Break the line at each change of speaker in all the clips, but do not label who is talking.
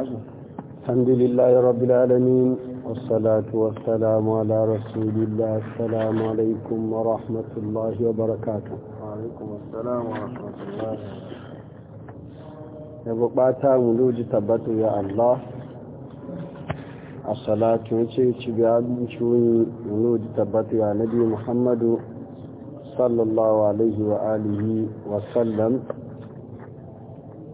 الحمد لله رب العالمين والصلاة والسلام على رسول الله السلام عليكم ورحمة الله وبركاته
وعليكم السلام ورحمة الله
يبقى ملوج تبتو يا الله الصلاة وشيش بأبنشوني ملوج تبتو يا نبي محمد صلى الله عليه وآله وسلم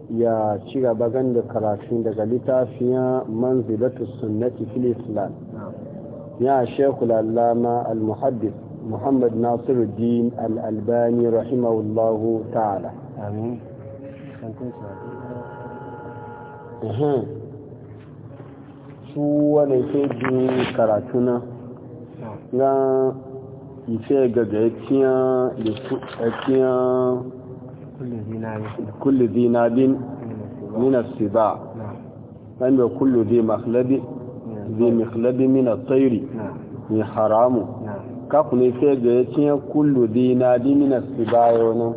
ya ci gaba da karatu daga littafiya manzilatu sunnati fil islam ya shekul allama al-muhaddis muhammad nasiruddin al-albani rahimahullahu ta'ala amin su wane ke ji na na ife gaga ya kullu zi nabin min as-siba dan kullu zi makhlabi zi makhlabi min at-tayr ni haramu ka kune sai ga yace kullu zi nabin min as-siba yana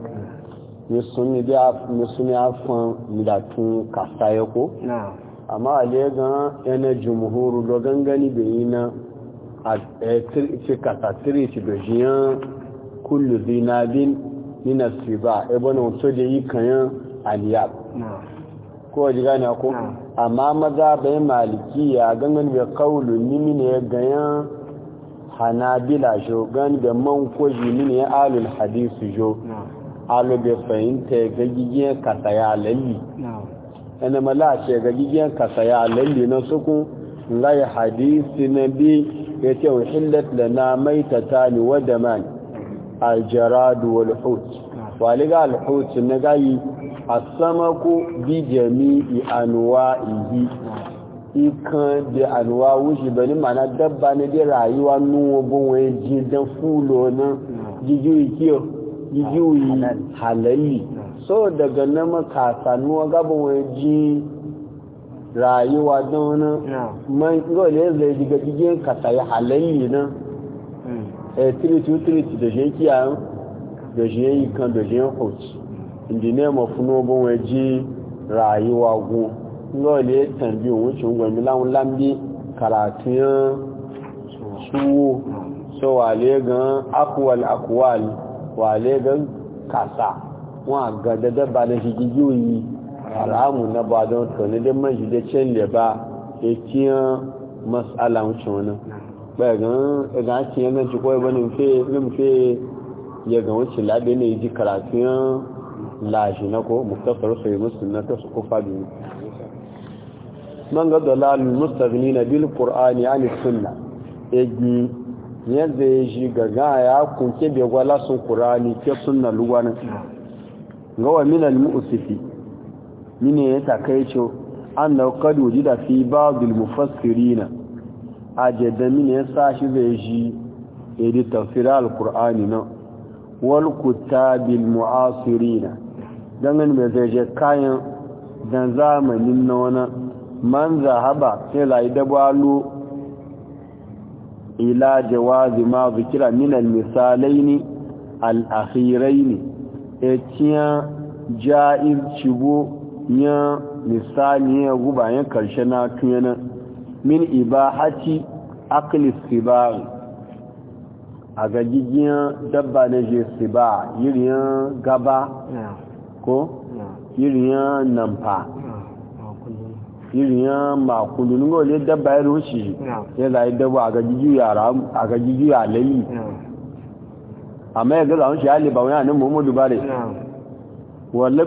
ni da afan da ko amma ale ga yana jumhuru do gangani da a tsirci kasatiri da jiyan kullu zinabin nina siba ebe na wato da yi kayan aliyab ko ji gane ko amma maza bai malikiya gangan bai kaulu mini ya ganyan hanabila jo gan da man koji mini ya alul hadisu jo alu bai fahimta ya gagigiyar kasa ya lalli yana ce gagigiyar kasa ya lalli na suku lai hadisi na bi ya ce wahillat lana maitata ni wadda mani الجراد والحوت waliga الحوت نغاي السمك بجميع انواعه ikan de anuwa wuce bani mana dabba ne de rayuwa nuwa bunwaye jidan fulo na jijiyoyi kiyo jijiyoyi halalli so daga na makasa nuwa gabin wani ji rayuwa don na man gole zai diga jigen kasa ya halalli na Eh, trinity trinity da shi kiyayen da shi yi kan da shi hoti in the name of noble wey ji rayuwa go yau ne tambi wucin gwami lamun lambi karatun suwo so wale gan akwal akwal wale gan kasa wọn ga dada ba na shigi yoyi haramu na ba don tonu don man da can da ba ya kiyan matsala wucin wani ɓagan ɗaga ci yanar ci kawai wani mfe ya ga wacce labe ne ji karatu yan lashi na ko muktasar sai musu na ta su kufa biyu man ga dalalu mustafini na bil qur'ani ani sunna egi yadda ya ji ga ya kunke bai gwala sun qur'ani ke sunna lugwana ga wa min al mu'sifi mine ya takaice an da kadu jida fi ba'd al mufassirina a jadami ne ya sa shi zai shi iri al alkur'ani na walkuta bil mu'asirina don mai zai je kayan don zamanin na wani man zahaba sai layi dabalo ila jawazi ma zikira minal misalai ne al'ahirai ne ya ciya ja'ir ya misali ya guba ya karshe na tuyanar min ibahati akli sibar a gajigiyan dabba na je siba yiriyan gaba ko yiriyan namfa yiriyan makulu nínú olè dabba ya roshi ya zai dabba a gajigiya layi amma ya gaza wunshi haliba wani hannun muhammadu bare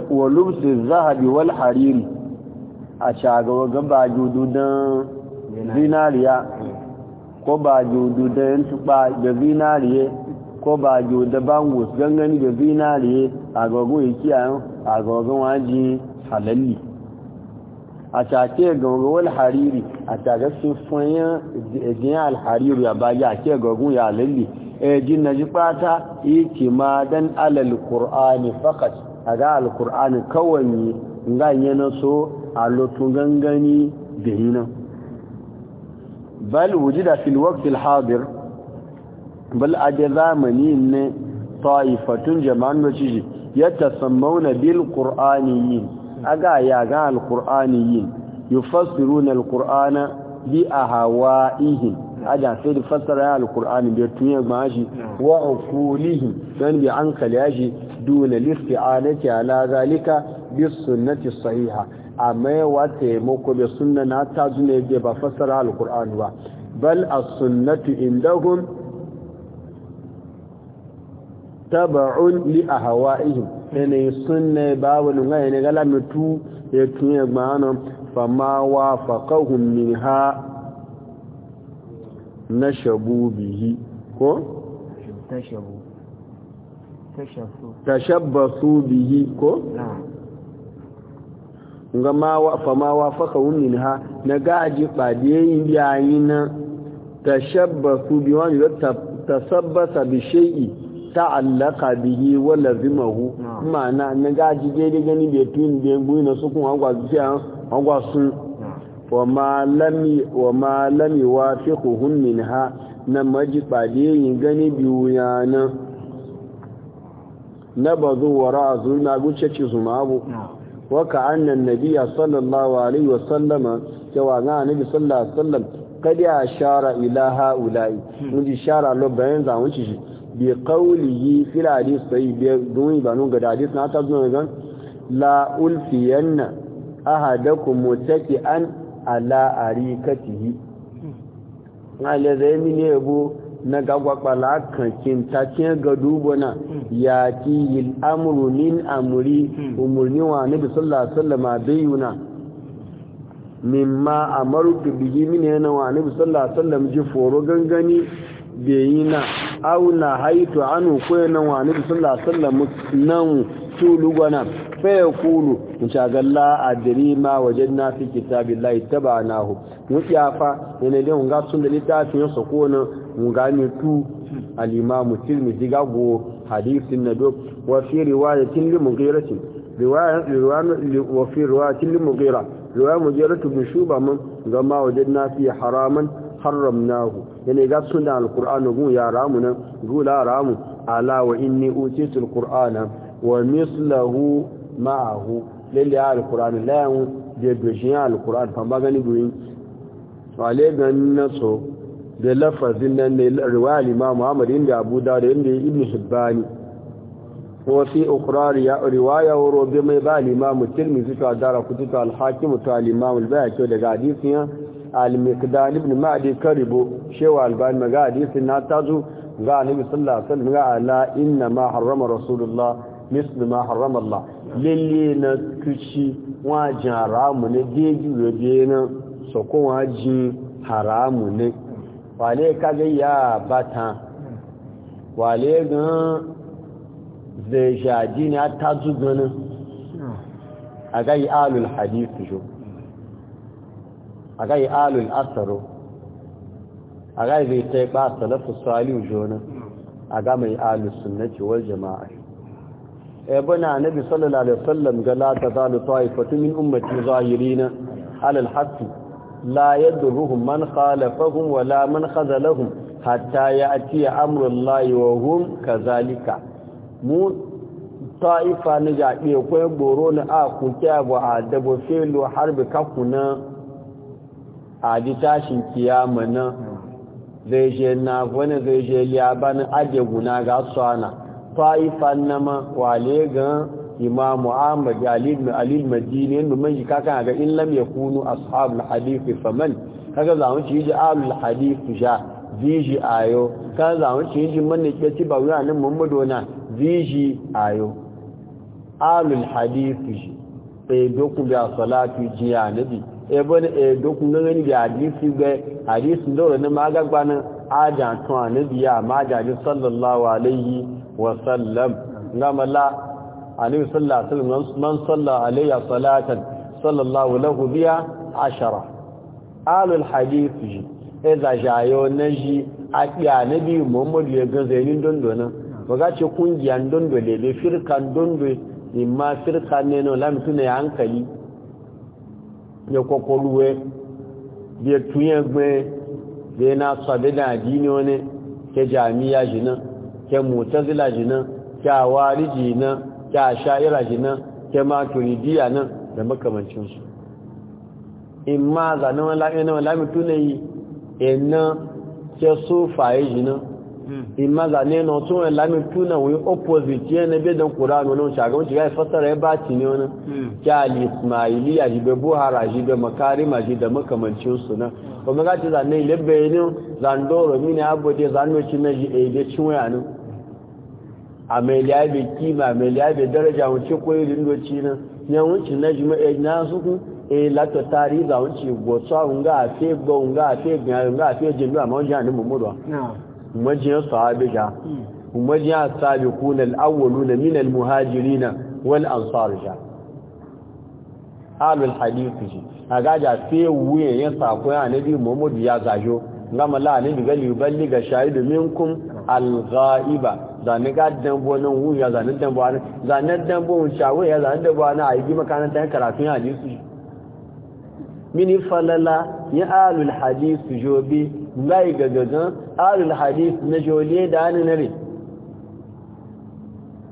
walubsi zahabi wal hariri a shagawa gaba judu don zinariya ko ba jodo da yan tuba da zinariye ko ba jodo bangus gangani da zinariye a gogo yake a a gogon waji halalli a take gogowar hariri a tagar sufoyin ejiyar alhariri a bagi a ke gogon ya halalli ejin na ji fata yake ma don alal ƙur'ani fakat a ga alkur'ani kawai ne ganyen so a lotun gangani da yi nan bal wujida fil waqtil hadir bal aje zamani ne taifatun jama'an waciji yatasammawna bil qur'aniyin aga ya ga al qur'aniyin yufassiruna al qur'ana bi ahawa'ihim aja sai da fassara al qur'ani bi tunye maji wa uqulihim dan bi ankali yaji dun al ala zalika bis sunnati sahiha a maiwa taimako da suna na ta zune bai ba fassara alkur'ani ba bal a sunnatu indahum taba'un li a hawa'ihim yanayi suna ba wani ngayi ne gala mutu ya tunye gbanon fama wa faƙahun min ha na shabu bihi ko? su bihi ko? na nga wa fa fa ka wumin ha na gaji e yin yayi na tashabbasu bi wani da tasabbasa bi shay'i ta'allaka bihi wa lazimahu ma'ana na gaji daidai gani be tun be buyi na su kuma agwa zuciya gwa sun wa ma lami wa ma lami wa min minha na maji e yin gani bi wuyana na bazu wara azul na gucce ci su abu waka annan nabiya sallallahu alaihi wasallama cewa ga annabi sallallahu alaihi wasallam kad ya shara ila haula'i hmm. mun ji shara lo bayan mun ci shi bi qawlihi fil hadith sai bi dun ba ga hadith na ta zuwa ga la ulfiyanna ahadakum mutaki'an ala arikatihi hmm. ngale zai mini yabo na gagwakwala kan kinta cin ga na ya ki amuru min amuri umarni wa nabi sallallahu alaihi wasallam bayuna mimma amaru bihi min yana wa nabi sallallahu alaihi wasallam ji foro gangani beyina na na haitu anu ko nan wa nabi sallallahu alaihi wasallam nan tulugwana fa yaqulu in sha galla adri ma wajadna fi kitabillahi tabanahu mutiafa ne da ga sun da litafin su ko nan mun gane tu al-imam diga go hadisin na do wa fi riwayatin li mughirati riwayan riwaya wa fi riwayatin li mughira riwayan mughiratu bi shuba mun gama wajadna fi haraman harramnahu yana ga suna alqur'anu gun ya ramu nan gu la ramu ala wa inni utitu alqur'ana wa mislahu ma'ahu lalle alqur'anu la yan je bishin alqur'an fa magani wa wale ganin naso da lafazin nan ne riwaya imam Muhammad inda Abu da inda Ibn Hibban وفي أخرى رواية وربما يبقى ta الترمذي كدار كتب ta وكالإمام الباكي daga حديثها al-miqdad ibn ma'di karibu shewa al-bani maga hadisi na tazu ga annabi sallallahu alaihi wasallam ga ala inna ma harrama rasulullah mislu ma harrama allah lalle na kuci wa haramu ne deji yobe na soko wa ji haramu ne wale ga ya bata wale gan zai shaji na tazu ganin hmm. a yi alul hadisi shi yi alul asaro aga bai ta ba salafu salihu jona aga mai alus sunnati wal jama'a na nabi sallallahu alaihi wasallam ga la tazalu ta'ifatu min ummati zahirina alal al-haqq la yadurruhum man khalafahum wa la man khazalahum hatta ya'ti amru allahi wa hum kazalika mu ta'ifa ne ga iya koyo goro ne a ku kya bu a dabo felo harbi kakuna Adi tashin kiyama nan zai je na wani zai je liyabanin ajiye guna ga suwana fa'ifan ma wale gan imamu ahmad alil madini yadda man jika kan ga in lam ya kunu ashabul hadithi faman kaga zamun ci ji alul hadithi ja ziji ayo kaga zamun ci ji man ne ke ci ba wuya nan muhammadu na ziji ayo alul hadithi ji sai e, dokun da salatu jiya nabi ebon eh, dokun gani bi hadisi ga hadisin dole na magagba nan aja tun annabi ya sallallahu alaihi wa sallam ngamala annabi sallallahu alaihi man salla alaihi salatan sallallahu lahu biya ashara alul hadisi eza jayo a aki annabi muhammadu ya ga zainin ba waga ce kungiyar dondo lebe firkan dondo imma firkan ne no lamtune hankali ya kokoluwe biya tuyen gbe biya na sabi da adini wani ke jami'a jina ke mutazila jina ke awari jina ke asha'ira jina ke maturidiya nan da makamancinsu in ma zanen wani lamitu ne yi ina ke sofaye jina imma zane na tun wani lamin tuna wani opposite na bai don kura mai nan shagan shiga ya fasara ya na. ne wani hmm. kyali ismaili ya buhara jibe makarima da makamancin su da ji a mai liyabe kima mai liyabe daraja wuce koyi rindoci nan ya wuce na ji ma'aji e, na suku e lato tari za wuce a gbọ hunga a fe gbọ hunga a majiyar sahabi ja majiyar sahabi kunan awwalu na minal muhajiri na wal ansar ja alul hadithu ji a gaja sai wuyen ya sako ya nabi muhammadu ya zajo gama la'ani daga liballi ga shahidu minkum al-ga'iba zane ga dambo nan wuya zanen dambo ana zane dambo shawo ya zane dambo ana a yi makaranta ya karatun hadisi mini falala ya alul hadisi jobi gai gagagan alul hadith na jole da hannu na re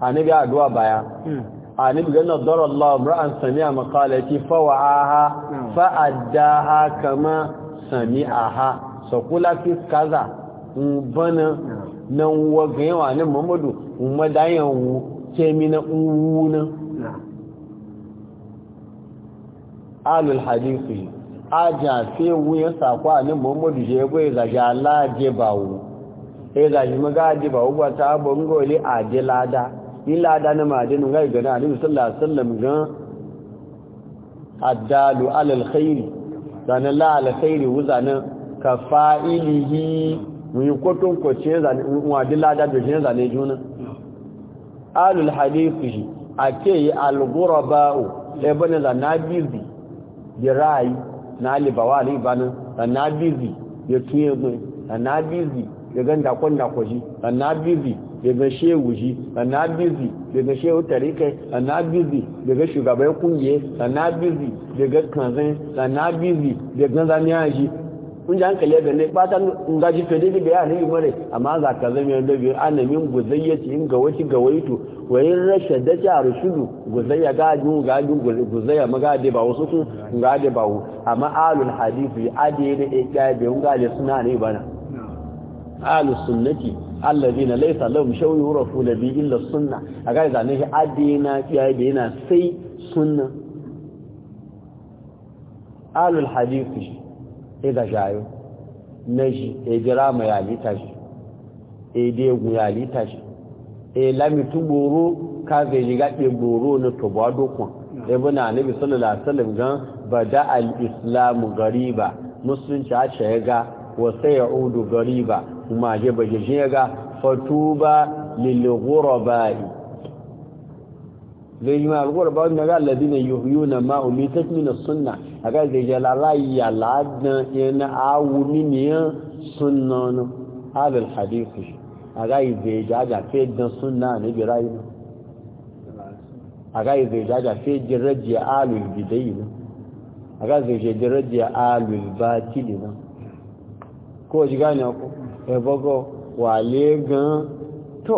annabi addu'a baya hmm. annabi ganna darallahu ra'an sami'a maqalati fawa'aha hmm. ha kama sami'aha sakula fi kaza bana hmm. nan wagan yawa nan mamadu madayan wu kemi na uwu na alul hadith aja sai wuyan sa a nan muhammadu je bai zaje alaje bawo eh zaje maga je bawo ba ta bangole aje lada ni lada na madinu ga kotun wa dilada juna bi na alibawa ne banin na bizi ya tuye mai na bizi ya gan dakon dakwaji na bizi ya gan ya wuji na bizi ya gan shehu tarikai na bizi ya gan shugabai kungiye na bizi ya gan kanzan na bizi ya gan zaniya shi kun ji hankali ga ne ba ta ngaji to dai ga ya ne mare amma za ka zama da biyu anamin guzayyaci in ga wani ga waito wayin rashin da ta rushudu guzayya ga ju ga ju guzayya ga da ba wasu su ga da ba wu amma alul hadisi ade da e ga da ga da suna ne bana alus sunnati alladhina laysa lahum shaw'un yurafu bi illa sunna a ga zane shi ade na kiyaye da yana sai sunna alul hadisi e ga shayo na shi e jira ma ya lita shi e degun ya lita shi e lamitu goro ka zai yi gaɗe goro na tuba dokun na anabi sallallahu alaihi wasallam gan bada al-islam gariba musulunci a ce ga wa sai ya udu gariba kuma je baje je ga fatuba lil ghurabai lórí máa gbọ́rọ̀ bá ní ọgá lẹ́bí ní yóò na máa omi tẹ́kínà súnà àgá ìgbèjẹ́ aláyà láàdán ẹna àwọ nínìyàn súnà ọ̀nà abel hadith àgá ìgbèjẹ́ àjàfẹ́ dán súnà níbi ráyé náà àgá ìgbèjẹ́ àjàfẹ́ jẹrẹ́jẹ àlù ìgbìdẹ́ yìí náà àgá ìgbèjẹ́ jẹrẹ́jẹ àlù ìbátìlì náà kó o jìgá ní ọkọ̀ ẹ̀bọ́gọ́ wà lé gan tó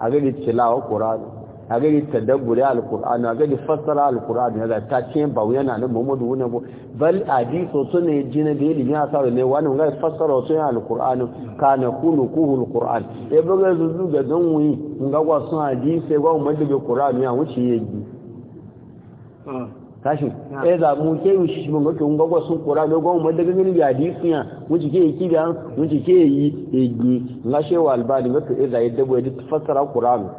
a gari tilawa ƙur'ani a gani tadabbure alƙur'ani a gari fassara alƙur'ani ya ta ce ba yana na muhammadu wuna bu bal hadiso su ne jina da yadda ya sa ne wani ga fassara su yana alƙur'ani ka na kunu kuhul ƙur'an ya buga zuzu ga don wuyi in ga wasu hadisai gwamnati da ƙur'ani ya wuce ya yi tashin ɗaya eh za mu ke yi shi mun ga sun kura da gwamnati wanda gani bi hadisi ya mun ke yi kidan mun ke yi egi na shewa albani ga ɗaya eh za yadda bai fassara qur'an ɗaya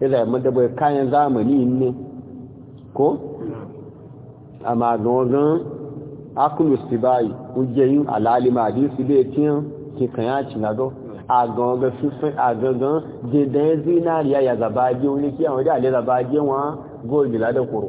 eh za mun da bai kayan zamani ne ko amma gongan akulu sibai ujeyin alalima hadisi da tin ke kan ci na go a gangan fífẹ́ de dẹ̀dẹ̀ zinariya ya zaba jẹ́ oníkí àwọn ìdá àlẹ́ zaba jẹ́ wọn da ládẹ́kùrù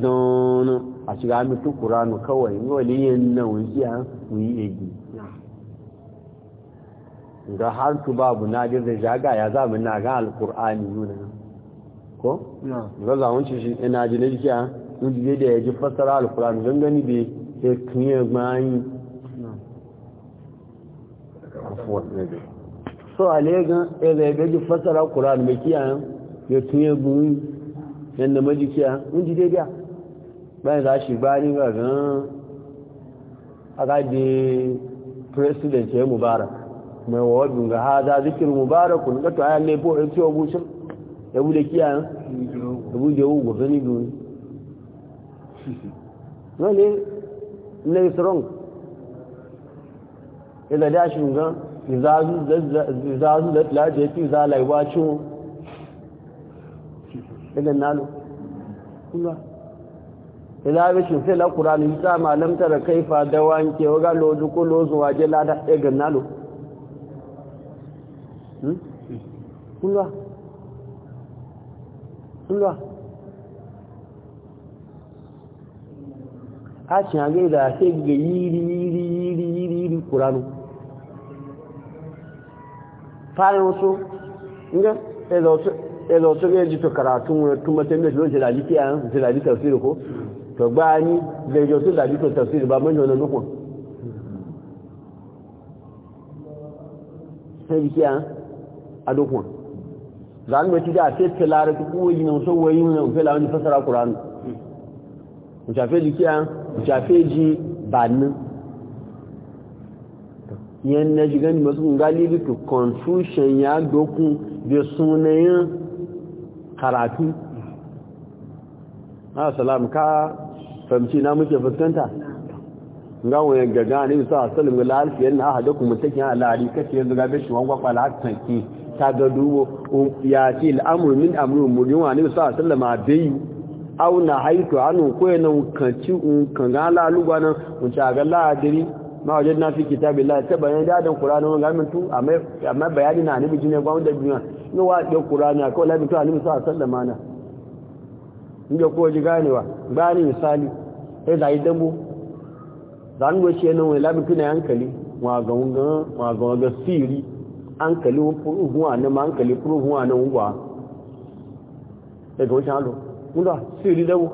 don a shiga mutu kuranu kawai wani yin na wujiya wuyi egi ga har su babu nadir da jaga ya zama na ga alkur'ani nuna ko? ga zamanci shi ina ji na jikiya wujide da ya ji fassara alkur'ani don gani bai ya kiyar mayan so a legan ya e zai gaji fassara mai kiyayen ya kiyar da majikiya mun jí dédé bayan za shi ṣe gbá nígbà gan agáde president ya mubarak mai wawabin ga haza zikin zikir mubarak kun gato ayan ne bo cewa obucin ya bude kiyayen abu da yau gwa gani biyu wani na is wrong da dashin gan izazu da lajefi za laiwa cin daga nalo kula ila bishin sai la qur'ani ta malam tara kaifa da wanke waga lozu ko lozu waje lada daga nalo hmm kula kula a cin age da sai ga yiri yiri yiri yiri yiri qur'ani fara wasu inga sai da wasu ya zo to ya to karatu tun matan da shi da liki a yanzu tafsiri ko to ba ni da ya zo da liki tafsiri ba mun jona nuku sai liki a a duku zan a ci da sai tilara ku yi nan so wayi nan fa lawan fasara qur'ani mu shafe liki a mu shafe ji banin yan na masu ngali to confusion ya dokun da sunayen karatu na salam ka famci na muke fuskanta gawo wayan gaga ne sa salim ga lafiya na hada kuma take ya lari kace yanzu ga bishi wangwa kwala tanki ta ga duwo um, ya ce al'amru min amru murin wa ne sa sallama dai au na haitu anu ko yana kanci un um, kan ga laluwa nan mun ta ga ladiri ma wajen na fi kitabillahi ta bayan da dan qur'ani wannan gamin tu amma amma bayani na ne bijine gwamnati da duniya ní wá àti ọkùnrin kawai àkọ́ lábí tó a sọ́wọ́ mana inda ń ji ganewa ojú misali gane zai ya za a zangoci yana wani labi tuna hankali wagawaga siri hankali huwa na ma hankali furuhuwa na ngwa daga wancan halu ngwa siri dambo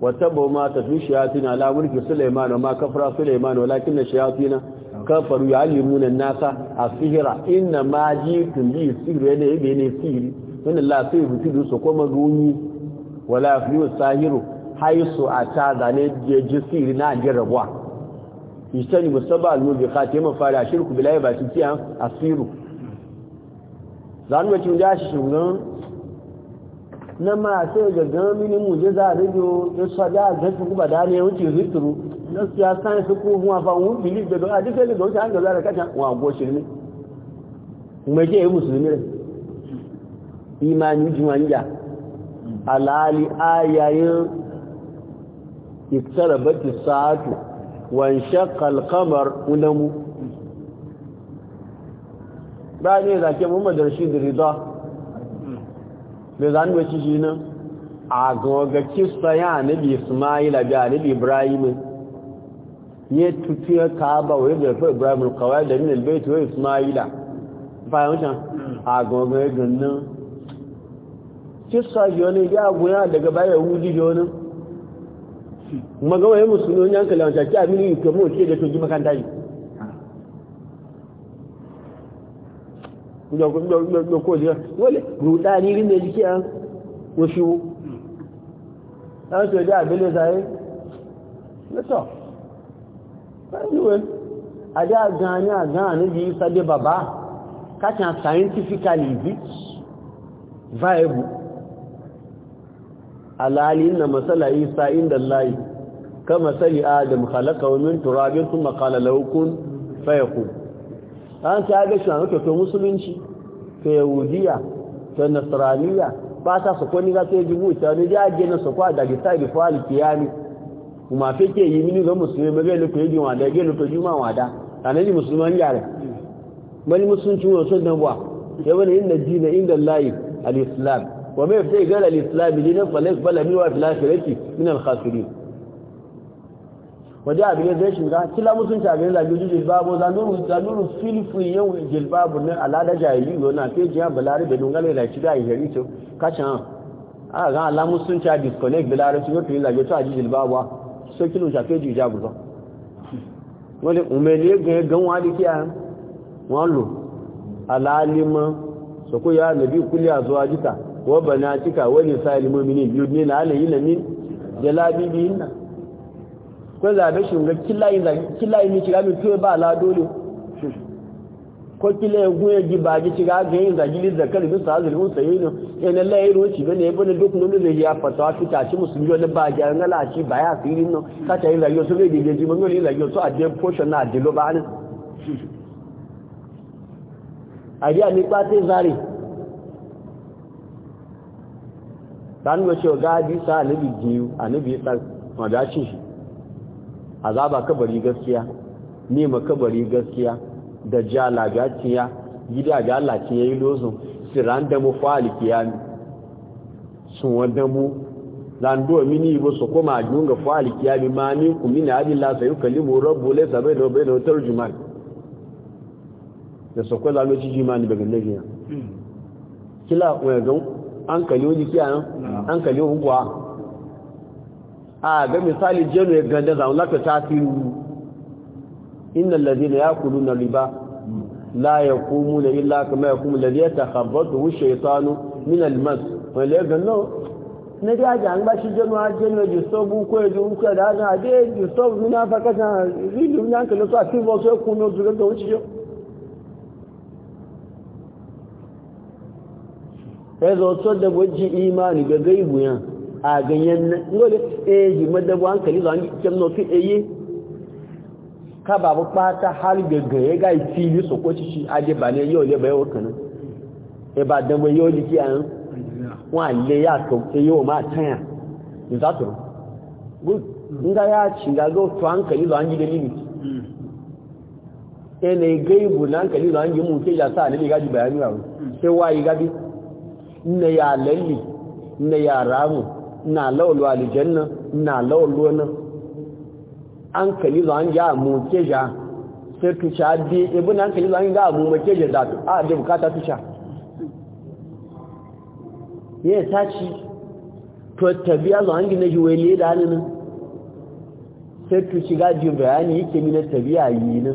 wata bau ma tafi shayatina ala mulki suleiman wa ma kafara suleiman walakin na shayatina kafaru ya yu'allimuna an-nasa a sihira ina ma ji ji'tum bi sihri yana bene sihiri wani lafi la sihru tudu so ko wa lafi fiyu sahiru haisu a ta zane je sihiri na isa jarabwa istani musaba al-mubiqat yama fara shirku billahi ba shi asiru zanu wacin da shi shugan na ma sai ga gami mu gamin mujiza radio ya sada ga kuma da ne wuce zikru gaskiya su ko mu fa mu believe da a duk da wuce an gaza da kaca wa go shirmi mai ke musulmi ne imani juwanja alali ayayin iktarabat bati saatu wa inshaqqa al-qamar unamu ba ne da ke madarshi da Rida me zan wuce shi ne a ga ga ne bi Nabi Ismail ga Nabi Ibrahim ya tutuya kaaba wa yadda fa ibrahim alqawai da min albayt wa isma'ila fa yancan a gogo gannan kissa jone ya goya daga baya yahudi jone magawa ya musulmi yan kallon ta ki amini ko mu ce da to ji makanta yi da ko da da ko ji wale rudani rin da jiki an wasu an so da abele sai na so anyway aja gan ni agan ni bi sade baba ka chan scientifically bi viable alali inna masala isa inda allah kama sali adam khalaqahu min turabin thumma qala lahu kun fayakun an ta ga shi ne to musulunci to yahudiya to nasraniya ba ta su ko ni ga sai jibu ta ne ja je na su kwa da sai bi fali kiyami ke yi mini ga musulmi ba zai lufe yi wada zai lufe juma wada tanani musulman yare bani musulunci wa sun dan buwa ya wani yin da dina inda layi al-islam wa mai fi gar al-islam dina falas bala mi wa filafirati min al-khasirin waje abin zai shiga Cila musulunci abin da gudu jilbabu zanuru zanuru filfin yau jilbabu ne alada jahili yau na fi jiya balari da dungale da shiga a yari to kacin a ga ala musulunci a disconnect balari su yi zage to a sókí ló ṣàkéjì ìjágùsọ wọ́n lè òmìnirí gan gan wọ́n á dí kí a wọ́n lò aláàlímọ́ sọkó yá nàbí kúlé àzọ ajíta wọ́n bà ní àtíkà wọ́n lè sáà ilé mọ́mí ní ìlú ní láàlẹ̀ yìí lẹ́mí jẹ́lá bíbí ìnà kọ́lá àbẹ́ṣùn gan kíláyìn ní ko kila ya goya ji ba ji shiga ga yin zagilin zakar bin sa hazir musa yi no yana layiro ci bane ya bane duk nunu da ya fata fi ta ci musulmi wani ba ga yan ala ci ba ya siri no ka ta yi zagiyo so ne da ji ban yin zagiyo so a portion na de lo ba ne a ji a ni pa te zari dan go ce ga bi sa nabi jiyu annabi sa ma da shi azaba kabari gaskiya ne ma kabari gaskiya da jala ga tiya gida ga Allah ke yi lozo siran da mu fali kiyami sun wanda mu lando mini bo so koma junga fali kiyami ma ni ku min abilla sai kalimu rabbu la sabai do bai do tarjuman da so ko lalo ci jimani daga nabi kila waya gan an kaliyo jikiya an kaliyo hukwa a ga misali jeno ya ganda zaun laka tasiru innal ladina yakuluna riba la yaqumuna illa kama yaqumu alladhi yatakhabbathu ash-shaytanu min al-mas wa la ganno ne da ga an bashi janu a janu ji sobu ko ji uka da na de ji sobu mina fa kasan ridu nan kalo so ati bo so ku no zuga da wuci jo ezo to da ji imani ga ga gaibu yan a ganyen ngole eh ji madabu hankali zan kemno fi eye kaba bu pata har gaggaye ga fili su ko shi aje ba ne yau le bayo kana e ba dan bo an wa le ya to ke yau ma tanya ni za to good inda ya ci ga go to hankali zo an ji dalili e ne gaibu na kali zo an ji mun ke ya sa ne ga ji bayani ba sai wayi gabi ne ya lalli ne ya ramu na lawlu aljanna na lawlu nan an kali an ga mu keja sai sha bi ibn an kali zan ga mu keja da a da bukata tusha ta ci to tabiya gi na ji ne da nan sai tu shiga ji bayani yake mina tabiya yi ne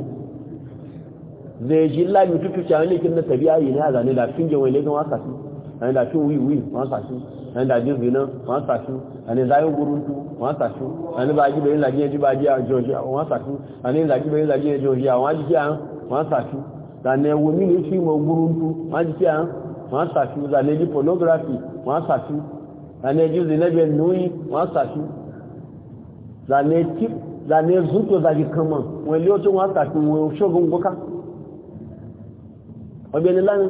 zai ji mutu tutu sha ne kin na tabiya yi ne a zane da finge ne kan wasa su da tu wi wi wasa su an da jibi nan wọn sàṣú àni láyé gúrúntú wọn sàṣú àni bá jíbe ńlá jíẹjú bá jí àjọ òṣìṣà wọn sàṣú àni ńlá jíbe ńlá jíẹjú òṣìṣà wọn jíṣẹ́ àán wọn sàṣú lànà ẹwọ mílì sí mọ gúrúntú wọn jíṣẹ́ àán wọn sàṣú lànà ẹjí pornography wọn sàṣú lànà ẹjí zinẹ́bẹ̀ nùí wọn sàṣú lànà ẹzútó zàgì kan mọ̀ wọn ilé ó tó wọn sàṣú wọn ṣọ́gun gbọ́ká ọgbẹ́ni lánàá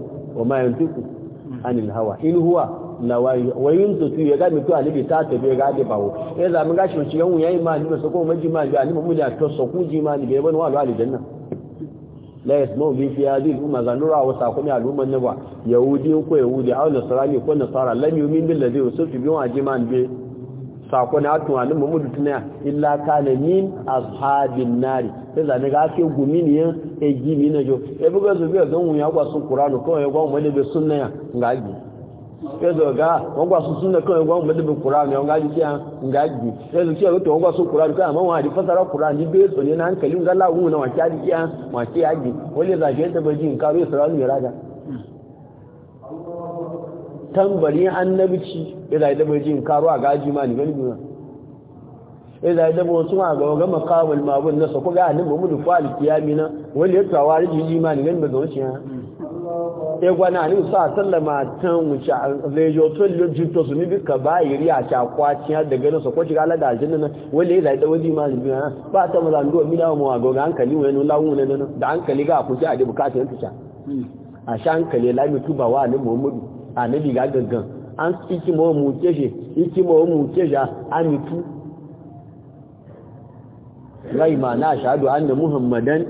wa ma yantiku anil hawa in huwa lawai wayin to tu ya ga mutu alibi ta ta be ga bawo eh za mun gashi shi yan yayi ma alibi sako maji ma alibi alibi mu da to sako ji ma ni be ban wa alibi janna la yasmu bi fi hadhihi umma zanura wa sako mi alumman ne ba yahudi ko yahudi aw nasrani ko nasara lam yumin bil ladhi usufi bi wa jiman be sako na to alin mu mutuna illa kana min ashabin nari sai za mun gashi gumi ne egi na ebe e buga bi don ya gwa sun qur'anu ko ya gwa mu be sunna ya ngaji e ga won gwa sun sunna ko ya gwa mu da be ya ngaji ya ngaji e zo kiyo to gwa sun qur'anu ka amma wa di fasara be so ne na hankali ngal wu na wa kyadi ya wa ki ma wale za ke ta baji in karo isra'il ya raga tambari annabici ya da ji in ila da bo sun ga ga makawal mabun nasa ko ga annabi mu fa alkiyami na wani ya tawari ji imani ganin daga wuciya e gwana ni sa sallama tan wuce lejo to lejo to su ni bi ka ba yiri a ta kwaciya daga nasa ko shiga alada jinna na wani ya da wani imani bi ba ta mu zan do mi da mu ga ga hankali wani lawu ne nan da hankali ga ku a da bukatun ta a sha hankali la mi tuba wa ni muhammadu annabi ga gangan an tsiki mu mu keshe iki mu mu kesha rai ma na shahadu anna muhammadan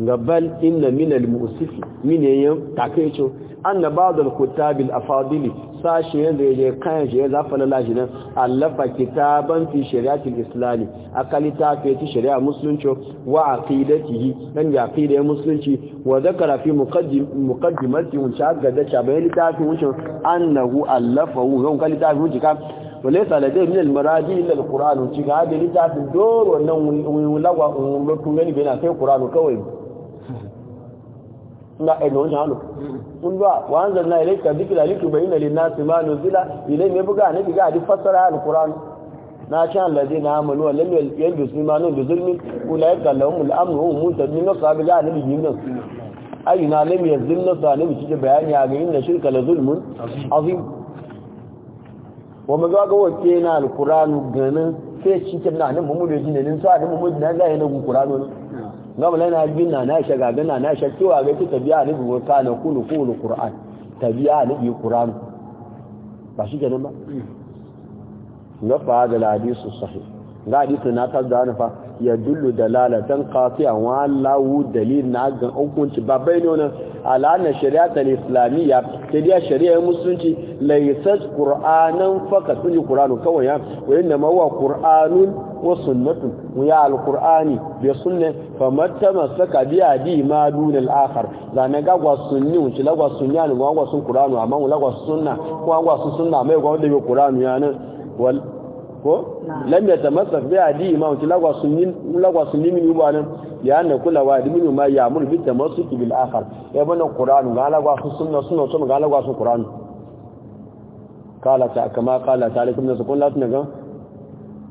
gabal inna min al-musifi min yayin takeicho anna ba'd al-kutab al-afadili sashi yanda yaje kan shi ya zafa lalashi nan allafa kitaban fi shari'atil islami akali ta fi ti shari'a musulunci wa aqidatihi dan ya aqida musulunci wa zakara fi muqaddim muqaddimati wa shagada cha bayani ta fi wucin annahu allafa wa kan ta fi wucin wale salade min almaradi illa alquran ci ga da littafin doro wannan wulawa lokacin gani bai na sai qur'anu kawai na eno jalo kun ba wa anzalna ilayka dhikra litubayyana lin-nasi ma nuzila ilayhim buga ne diga di fasara al alquran na sha alladina amanu wa lam yalbisu ma nun bizulmi ulaika lahumul amru hum muhtadun nasabi ga ne digin nan ayina lam yazlimna ta ne bi ci bayani a ga inna shirka la zulmun azim wa maza ga wace na alkuranu ganin sai shi ke na nan mamu da jinin sa da mamu da zai na alkuranu ne
hmm.
ga mala na bin na na shaga ga na na cewa ga ki biya ne bu ka na kulu kulu qur'an tabiya ne bi qur'an ba shi ganin ba na hmm. fa ga hadisi sahih ga hadisi na ta da na fa ya dullu dalalatan qati'an wa lahu dalil na ga hukunci babai baino nan alana ta islamiyya shari'a ya musulunci laysat qur'anan faqat ni qur'anu kawai ya wa inna ma huwa qur'anun wa sunnatun wa ya alqur'ani bi sunna famattama saka bi adi ma dun al-akhar la ga gwa sunni wuce la gwa sunni ne gwa sun qur'anu amma la gwa sunna ko gwa sunna mai gwa da bi qur'anu ya nan ko lam ya tamassak bi adi imam ki lagwa sunni lagwa sunni min ubanan ya anna kula wa adi min ma ya ya'mur bi tamassuk bil akhar ya e bana qur'an ga lagwa su sunna sunna to ga lagwa su qur'an kala ta kama kala ta alaikum nasukun latna ga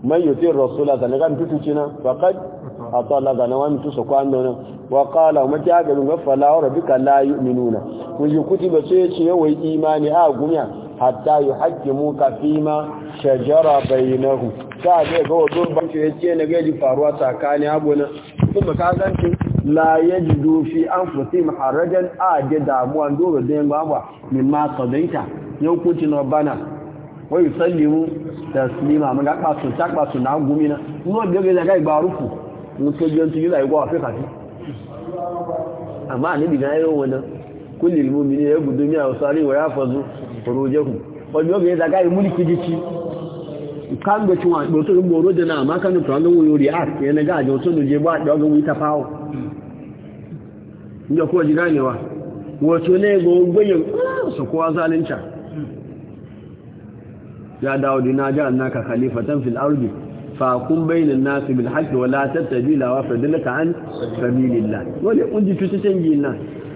man yutir rasul da ga mutu cina faqad atalla ga nawan mutu su kwan don wa qala ma ja ga lugha fala rabbika la yu'minuna kun yi kutiba sai ce wai imani a gunya hatta yuhaqqimuka fima shajara bainahu ta ga ga wato ya yace ne gaji faruwa tsakanin abuna kuma ka ganci la yajidu fi anfusihim harajan a ga damuwa dole da yan baba mimma sadaita yau ku ci no bana wa yusallimu taslima mun ga ka su ta ba su na gumina no ga ga ga ibaruku mun ke jantu yi rayuwa afirka ti amma ne diga yayin wannan kullil ne ya gudu miya wasari wa yafazu furujahum wani obi ya zaga yi mulki jiki kan da cin wasu to boro da na amma turanen da tuwan wuyo ya na gaje wasu nuje ba da ga wuta fawo inda ko ji ganewa wato ne go gbayin su kowa zalinta ya dawo dina ja naka khalifatan fil ardi fa kun bayna an bil haqq wa la tattabi la wa fadlaka an sabilillah wani ƙunji tutu canji nan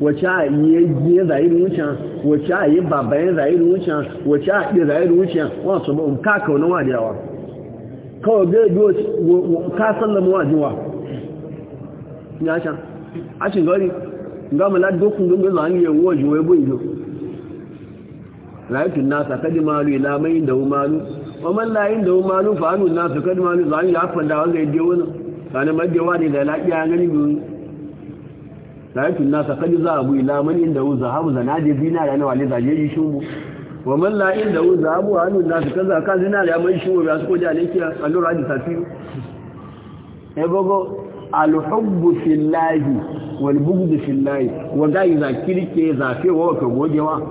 wace a yi giye zahirin wucin wace a yi babbayin zahirin wucin wace a ɗi zahirin wucin wọn su ba'un ka kauna wa kawai bai biyo ka sallama wajewa, ya can a cin gari gama ladokun dunga zuwa hanyar wuwa jiwa bu ido rayutun nasa kadi malu ila mai da umaru waman layin da umaru fa'anun nasa kadi malu zuwa da wanda ya je wani ne da gani lakin nasa kadi za a bu ila man inda hu zahabu zanadi zinariya na wale zaje yi shumbu wa man la inda hu zahabu wa hannun nasu kan zaka zinariya mai shumbu ya su koji alaiki a lura da safiyu ya e bago alhubbu fillahi wal bughdu fillahi wa ga iza kirke zafe wa ka gogewa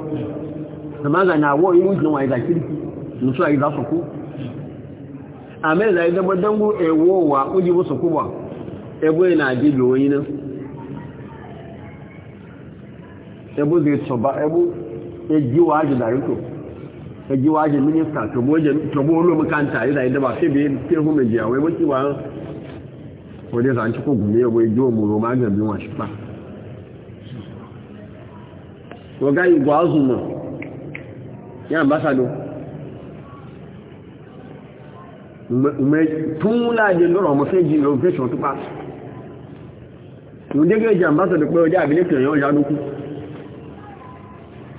amma ga na wo yin wa iza kirki musu a iza ku amma iza idan dango ewo wa uji musu kuma ebo ina e dibi wani nan ebu zai tsoba ebu ya ji waje da rito ya ji waje minista tobo wani makanta ya zai da ba sai bai fi hu mai jiya wai maki wa wadda za a ci ko gume ya wai jiwa muro magan bin wa shi ba wa gayi gwazu nan ya ambasado tún láàrin lọ́rọ̀ ọmọ fẹ́ jí ìrọ̀ fẹ́ ṣọ̀túpá ìwọ̀n dégé jẹ́ pé ọjọ́ àbílẹ̀ kìrìyàn ọjọ́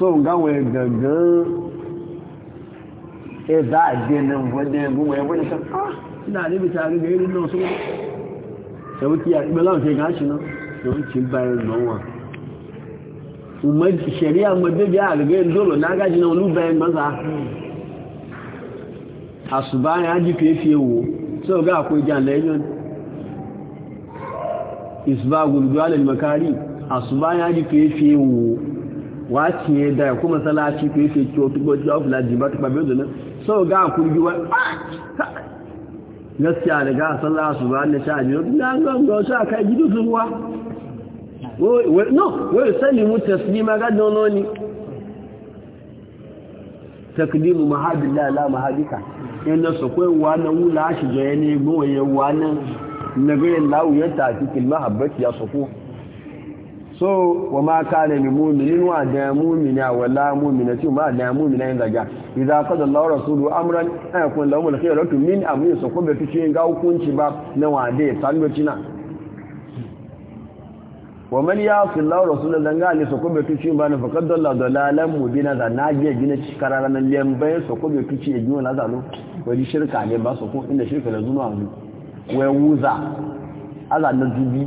so gáwọn gangan ẹ̀dá àjẹ́nà wọ́dẹ̀ gbogbo ẹ̀wọ́n ìṣẹ́ ah ìdá níbi tí a rí gẹ̀ẹ́rì náà sọ́wọ́ ṣẹ̀wọ́ tí a gbẹ́lá ìjà lẹ́yìn ìṣùbá gbogbo alẹ́ mọ̀kárí àṣùbá rẹ̀ ájíkò éfì ewò ya tì í da ẹ̀kọ́ mọ́sálásí kò ṣe tí o tó gbọ́jọ́ ọ̀fìlà ba bezo pàbí so ga ku àkúrú wa ah, gaskiya da ga sallah su ba ne sha biyu da an ga sha aka gidu zuwa wo no wai sani mu taslima ga dono ni takdimu mahadillah la mahadika inda su kai wa na wula shi je ne go goye wa nan nabiyin lawu ya tafi kil mahabbati ya soko so wa ma kana lil mu'minin wa da mu'mina wa la mu'minati ma da mu'mina in daga idza qada Allahu rasulu amran ay la lahum khayra tu min am so ko be tuce ga hukunci ba na wa wade tandoci na wa man yasi Allahu rasulu dan ga ne so ko be tuce ba na faqad dalla dalalan mubina da ge gina cikararan nan lembai so ko be tuce ya gina zalo wani shirka ne ba so ko inda shirka da zuwa mu wai wuza Allah na dubi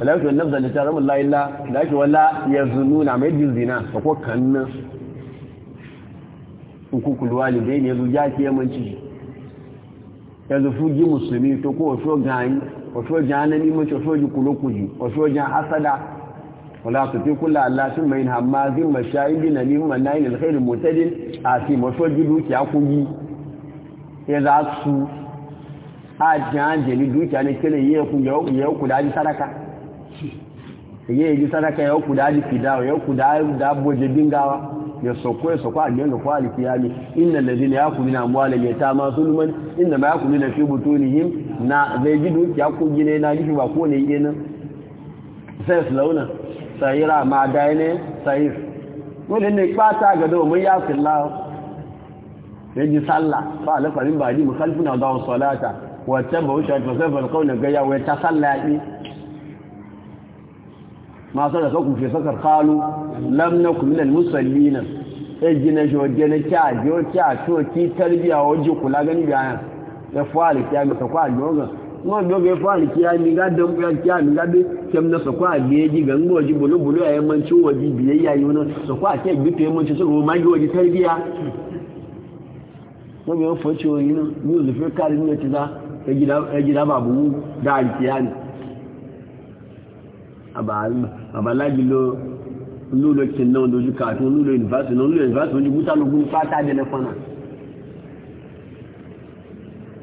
wala yake nafsa da ta ramin la'ila da ake wala ya zunu na mai jin zina da ko kanna in kukul walidai ne yanzu ya ke yamanci yanzu fuji musulmi to ko wasu gani wasu janani mace wasu ji kulokuji wasu jan asada wala su fi kula Allah sun mai hamazin mashayin dinamin manayin alkhairin mutadin a fi wasu ji dukiya kugi ya za su a jan jeli dukiya ne kira yi ya kula ji sadaka ya yi sadaka ya ku da alifi dawa ya ku da dabboje bingawa ya soko ya soko a biyan ga kwali kiyami inna ladina yakuluna amwala yatama zulman inna ma fi butunihim na zai duki ya ku na gifi ba ko ne yake nan sai launa sayira ma dai ne sayir wanda ne do mun ya fillah ya ji sallah fa alafarin ba ji mukhalfuna da salata wa tabawu shaytan fa sai fa qawna ma sadaqakum fi sakar qalu lam nakum minal musallina ejina joje na cha jo cha to ti tarbiya waje kula gani ga yan ya fali ya mi kwa joga mo joge fali ya mi ga dan ya ya mi ga be kem na so kwa geji ga ngo ji bulu bulu ya man ci waje biyayya yi wannan so kwa ke bi to man ci so ma ji waje tarbiya mo be fo ci o fe da ejida babu da àbáláàjì ló lúlò tí náà lójú kàtún lúlò ìnìfàsì náà lúlò ìnìfàsì ojú bútà lógún pátá jẹ́nẹ́ fọ́nà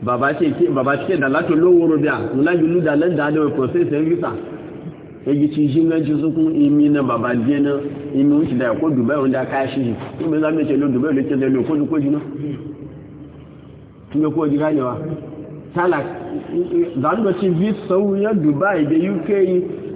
bàbá tí kẹ́dà látò lówóró bí i múlájú lúdà lẹ́dàádọ́ ìpọ̀sẹ̀sẹ̀ visa èyí tí ṣí mẹ́jì sókún imi náà bàbá díẹ̀ náà imi ó ti dà ẹ̀kọ́ dùbẹ́ òun dá visa òun yẹn dùbá uk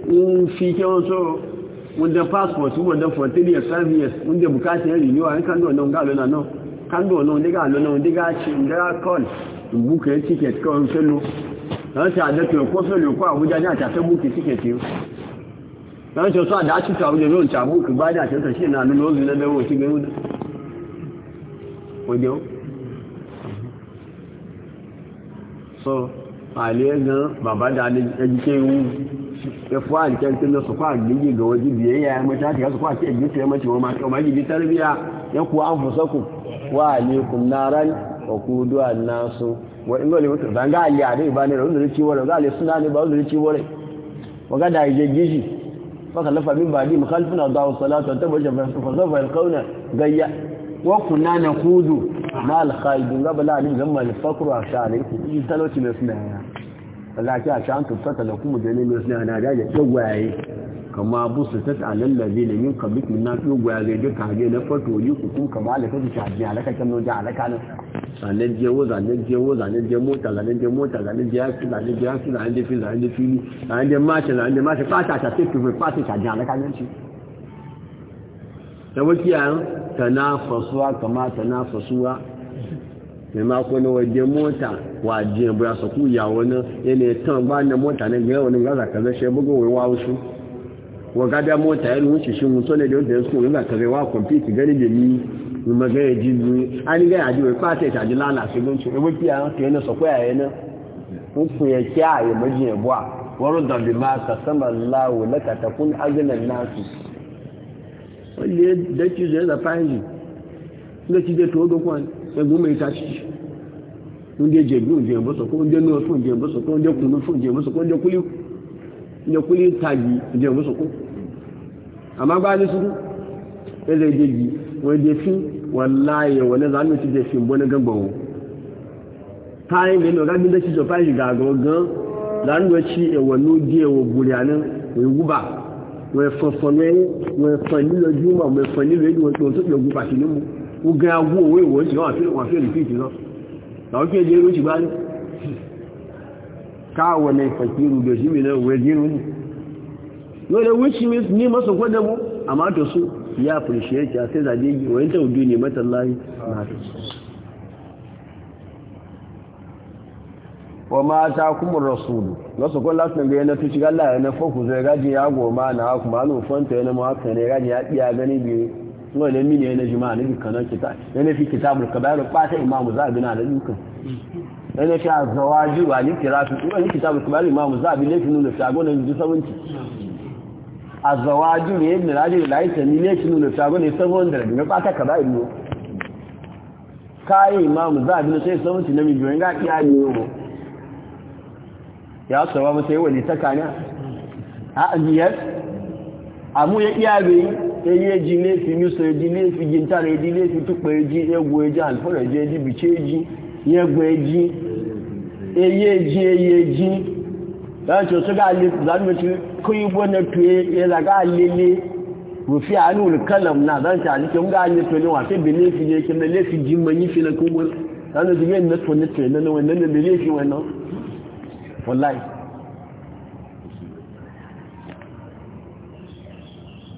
in fi kyawun so wanda passport wanda for 3 years 5 years wanda bukata ya renew an kan don ga lona no kan don no diga lona no diga chi diga call book a ticket ko so lo ran ta da to ko so lo ko Abuja ni ata book ticket yo ran to so da chi ta Abuja lo ta book ba da na no lo zina da wo ti gbe wo so ale gan baba da ni ejike wu efuwa alkyantin da su kwa gigi ga waje biyayya ya mace haka su kwa ke gita ya mace wa magi bi tarbiya ya kuwa an fusa ku wa alaikum naran wa kudu an nasu wa in dole mutu zanga ali a dai bani da wanda ciwo da zali suna ne ba wanda ciwo ne wa ga da je gishi fa kalafa min badi mukhalifuna da salatu wa tabaja fa zafa alqawna gayya wa kunna nakudu ma alkhaidun qabla an zamma alfaqru asha alaikum in talawti mai suna ya Allah ya ce an tufsata lakum jani min sunna na da ya tsawaye kama busu ta ta ladina min qablik min nafi gwaya ga duka je na fato yi hukum kama la ta ji halaka ta no da halaka nan sanan je wo sanan je wo sanan je mota sanan je mota sanan je yasu sanan je yasu sanan je fili sanan je fili je je ta ce ta ji da wakiyan maimako na waje mota waje bura su kuya wani yana tan ba na mota na gaya wani gaza kaza shi bugun wai wa wasu wa gada mota ya wuce shi mutu ne da yadda su gaza kaza wa kwamfiti gani da ni ni magana jini an gaya aji wai kwata ta ji lalace don su ebe fiya ta yana su kuya yana hukun ya kya ya maji ya buwa wani da bi ma ka sama lawo na ka tafun azinan nasu wanda ya dace zai zafa yanzu da ci zai to dokon ẹgbùn mẹ́rin ta ṣíṣì oúnjẹ jẹ̀bí oúnjẹ ìbọ́sọ̀kọ́ oúnjẹ náà fún oúnjẹ ìbọ́sọ̀kọ́ oúnjẹ kùnú fún oúnjẹ ìbọ́sọ̀kọ́ oúnjẹ kúlí oúnjẹ kúlí tààyè oúnjẹ ìbọ́sọ̀kọ́ àmọ́ agbára ní sùúrù ẹ̀rẹ̀ èdè wọ́n èdè fín wọ́n láàyè wọ́n ní lánàá ti jẹ́ fi ń bọ́ ní gbọ̀ngàn wọn. táyì lẹ́nu ọ̀gá gbé lẹ́sí ìjọba ìgbà gan lánàá ti ẹ̀wọ̀n ní ojú ẹ̀wọ̀ gbòòrè àná wọ́n wúbà wọ́n ẹ̀fọ̀fọ̀ lẹ́yìn wọ́n ẹ̀fọ̀ nílò ojúmọ̀ wọ́n ẹ̀fọ̀ nílò èdè wọn tó ń tó ogun agbó owó ìwò ń ṣe wọ́n fẹ́ rìpíìtì lọ lọ́wọ́ kí ẹjẹ́ ìrúnṣì bá ní káàwọ̀ ní ìfẹ̀kìrù dòṣì mi náà wẹ́ jírú ní lọ́dẹ̀ which tó sú ya appreciate ya tẹ́sà máa tó sú wa ma ta kuma rasulu wasu kun latin da yana tuci ya gaji ya na kuma alufanta yana gaji ya biyu kuma da mini yana jima'a na dukkan nan kita yana fi kitabul kabair ba ta imamu zabi na da dukkan yana fi azawaju wa ni kirafi kuma ni kitabul kabair imamu zabi ne kinu da shago na ji sabanci azawaju ne ibn rajul laita ni ne kinu da shago ne 700 ne ba ta kabair ne kai imamu zabi ne sai sabanci na mi joyin ga iya ne ya sawa mu sai wani takana a biyar amu ya iya bai eye ji nefi efi nyuso eji na-efi ji ntara eji nefi tukpa eji egwu eji alfọrọ eji eji biche eji yegwu eji eye eji eye eji láti ọ̀tọ́ gáà lè zánúwẹ̀tí kó igbó na tó yẹ́lá gáà lè rufi kalam na zan ta alike mun ne to ne wa fi ne kin bele fi jin manyi fi na kuma zan da ne to ne to ne ne ne ne bele fi wannan wallahi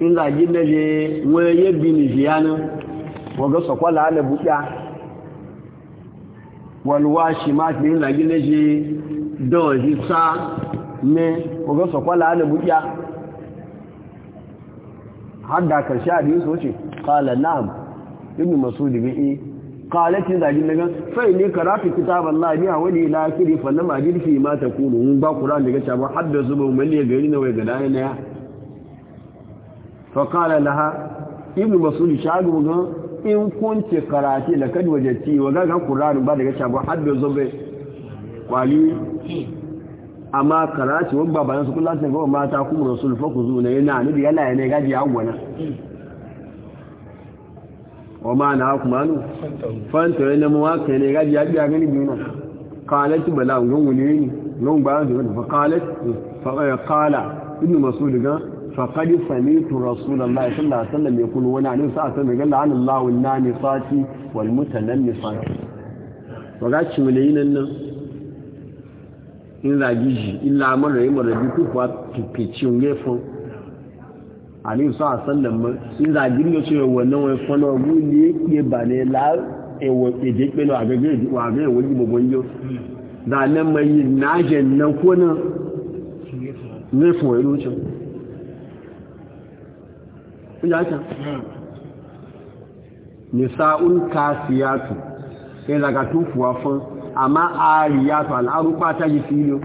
in zagi na je wani yabi ni jiyanin waga sakwala ala buɗa walwa shi ma fi in zagi na je don sa ne waga sakwala ala buɗa har da karshe a biyu soce kala na'am ibn masu dubi dibi'i kalatin zagi na gan sai ne karatu kitaban labi a wani lakiri fannin ma jirfi ma ta kuru ba kura daga cewa hadda zuba mai gari na wai gada ya فقال لها ابن مسعود shagu ga in kunce karati da kad wajati wa ga ga qur'ani ba daga shago hadda zobe kwali amma karati wani babayan su kullum sai ga mata kuma rasul fa ku zuna yana nabi yalla yana gaji ya gwana wa ma na kuma nu fanta yana mu waka ne gaji ya biya gani bi na. qalat bala فقد سمعت رسول الله صلى الله عليه وسلم يقول وانا عليه الصلاه قال عن الله النامصات والمتنمصات وغاش مليين ان ان راجي الا من رحم ربي كفوا تكيتشون يفون عليه الصلاه والسلام ان راجي لو شيء وانا وفن وغولي يبالي لا ewo eje pelu agege wa agege wo jibo bonjo da nan mai najen nan ko nan ne fo ilu kun ji haka hmm. nisa'un kasiyatu sai daga tufuwa fun amma ariyatu al'arupa ta ji filo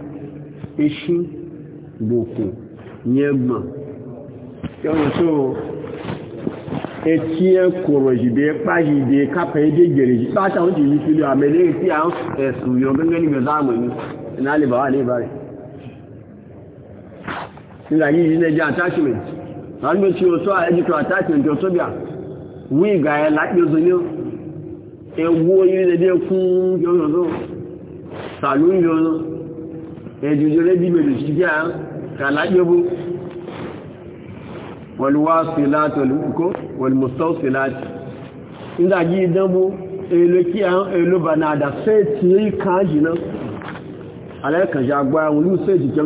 ishi boko yemma yau so eti koro jibe pa jibe kapa ede gere jibe pa ta attachment wọ́n mú tí ó sọ ẹjìtọ̀ attachment ó sọ́bíà wí ìgbà ẹ̀ lápí oṣù ní ewu orílẹ̀-èdè fún yọ́nà sàlú yọ́nà ẹ̀dùjọ lẹ́bí mẹ́lù sí jẹ́ kàlájọ́bú wọlúwá síláàtì olùkọ́ wọlùmọ̀sọ́ síláàtì nígbàjí ìdánbó èlò kí àwọn èlò bànàdà sẹ́ẹ̀tì rí káàjì náà alẹ́kànjá agbára wọn ló sẹ́ẹ̀tì jẹ́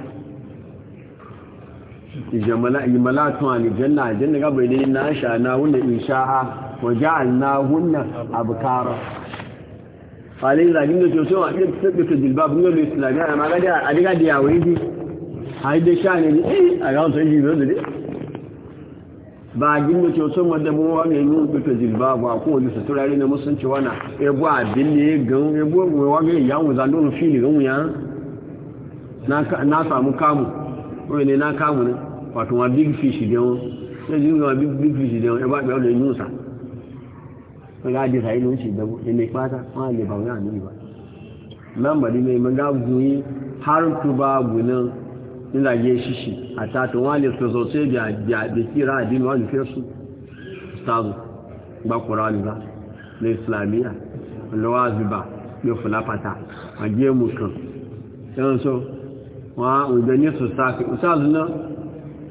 jamalatu a janna a janna gaba ne na sha na hunna insha'a wa wunna abu kara falin zagin da ke so a ɗin jilba bin yau da islamiyya a ga a diga da yawon yi har da sha ne ne eh, a ga wasu yi da ne ba a gina ke so wadda mu wani yi ta tabbata jilbab a kowane suturari na musulunci wana ebu a ne gan ebu wani yawon zanen fili gan wuya na samu kamun wọ́n ní náà káàmù ní wàtò wọn big fish dẹ̀ wọn lẹ́yìn tí wọ́n big fish dẹ̀ wọn ẹ bá gbẹ́ ọ̀dọ̀ inú sà wọ́n yá dìsa yìí ló ń ṣe ìgbẹ́wò ẹni pátá wọ́n á lè bàwọ́ náà níbi wa nọ́mbà ní mi ga gùn yín har tó bá gùn náà nígbà yẹ ṣíṣì àtàtò wọ́n á lè sọ̀sọ̀ sí ẹ̀bì àdìsíra àdínú wọn fẹ́ sùn wa uganye society ustaz na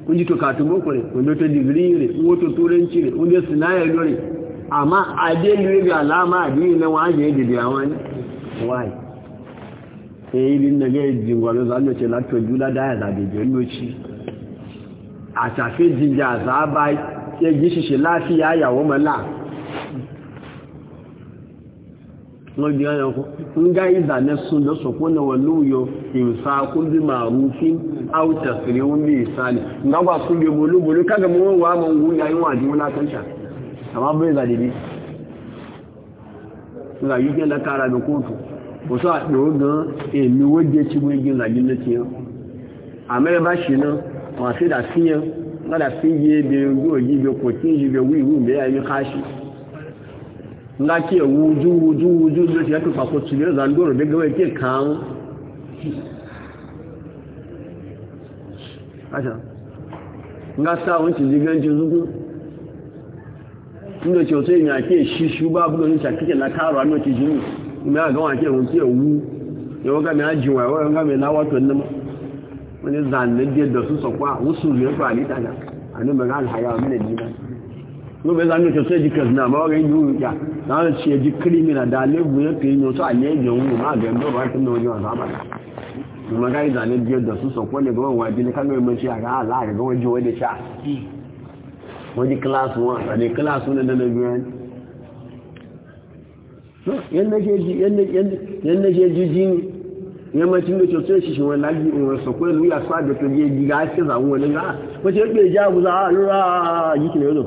kunji to katu boko ne kunji to degree ne wo to turanci ne kunji sinaya dole amma ade ne ga alama addini na waje da da wani why eh din na ga jingwalo zan ce la to jula da ya da a jinja za ke gishi shi lafiya mala wọ́n di ọyàn fún ń gá ìzà lẹ́sùn lọ́sọ̀kọ́ náà wọ́n lóòyọ ìrùsá kúndí máa rú fí áwùtà sí rí wọ́n bí ìsáàlì ńgbàgbà fún bí omo olóbolo kágbàmọ́ wọ́n wà mọ́ wú ya yíwọ̀n àdínwó látọ́ṣà àwọn abúlé ìzà dìbí ńgbà yìí jẹ́ lẹ́kàrà ní kóòtù kò sọ àpèrò gan èmi wó jẹ́ tí wọ́n nga ke wuju wuju wuju da shi ka fako cire zan da gawa ke kan aja nga sa won ci digan ji zugu ndo ci o se nya ke shishu ba bu ni cha kike na ka ro anochi ji ni me ga wa ke won ti owu yo ga me ajin wa wa ga me na wa to nna wani zan ne de da su sokwa wusu ne ba ni ta me ga lóbi ẹ̀sán ní ṣọ́sẹ́ ìjìkẹ̀sì náà máa rẹ̀ yóò yà láwọn ṣe ẹjì kírímìnà dá lẹ́gbùn yẹ́ pèé yóò tó àlẹ́ ẹ̀jẹ̀ òun máa gẹ̀ ẹ̀mí ọ̀bá tún lọ́jọ́ àbábàdà ìmọ̀gá ìzàlẹ̀ bí ọdọ̀ sọ́sọ̀ pọ́ lè gbọ́n wà bí ní kánú ẹmọ ṣe àrá àláàrẹ̀ gbọ́n jẹ́ wọ́n lè ṣá wọ́n di kíláàsì wọn àtàlẹ̀ kíláàsì wọn dandan lójú ẹni yẹn lè ṣe jíjí ni yẹn mọ́ tí lóṣọ tó ṣiṣẹ́ wọn lájú ìwọ̀n sọ pé lóyà sọ àjọ tó jẹ́ jíga ṣẹ́sà wọn lẹ́gbàá wọ́n ti a jáàbùsà lóra yìí ne yóò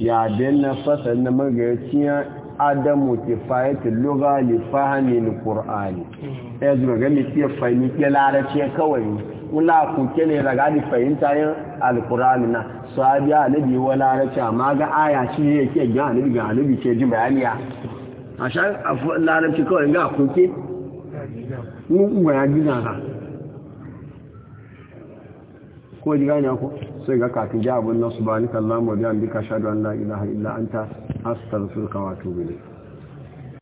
yabin na fasar na magayaciyar adamu ke fayatin lura ne na ƙur'ani ya zuwa gani ke fahimke larace kawai wula kuke ne daga da fahimta yin alƙur'ani na So abiya alibi wa larace amma ga aya shi ne ke gina alibi ga alibi ke ji bayaniya a sha larace kawai ga kuke ko ji gane ko sai ga kafin ji abun nasu ba ni kallon mu biyan duka shaɗu an la ilaha illa anta astaghfiruka wa atubu bilik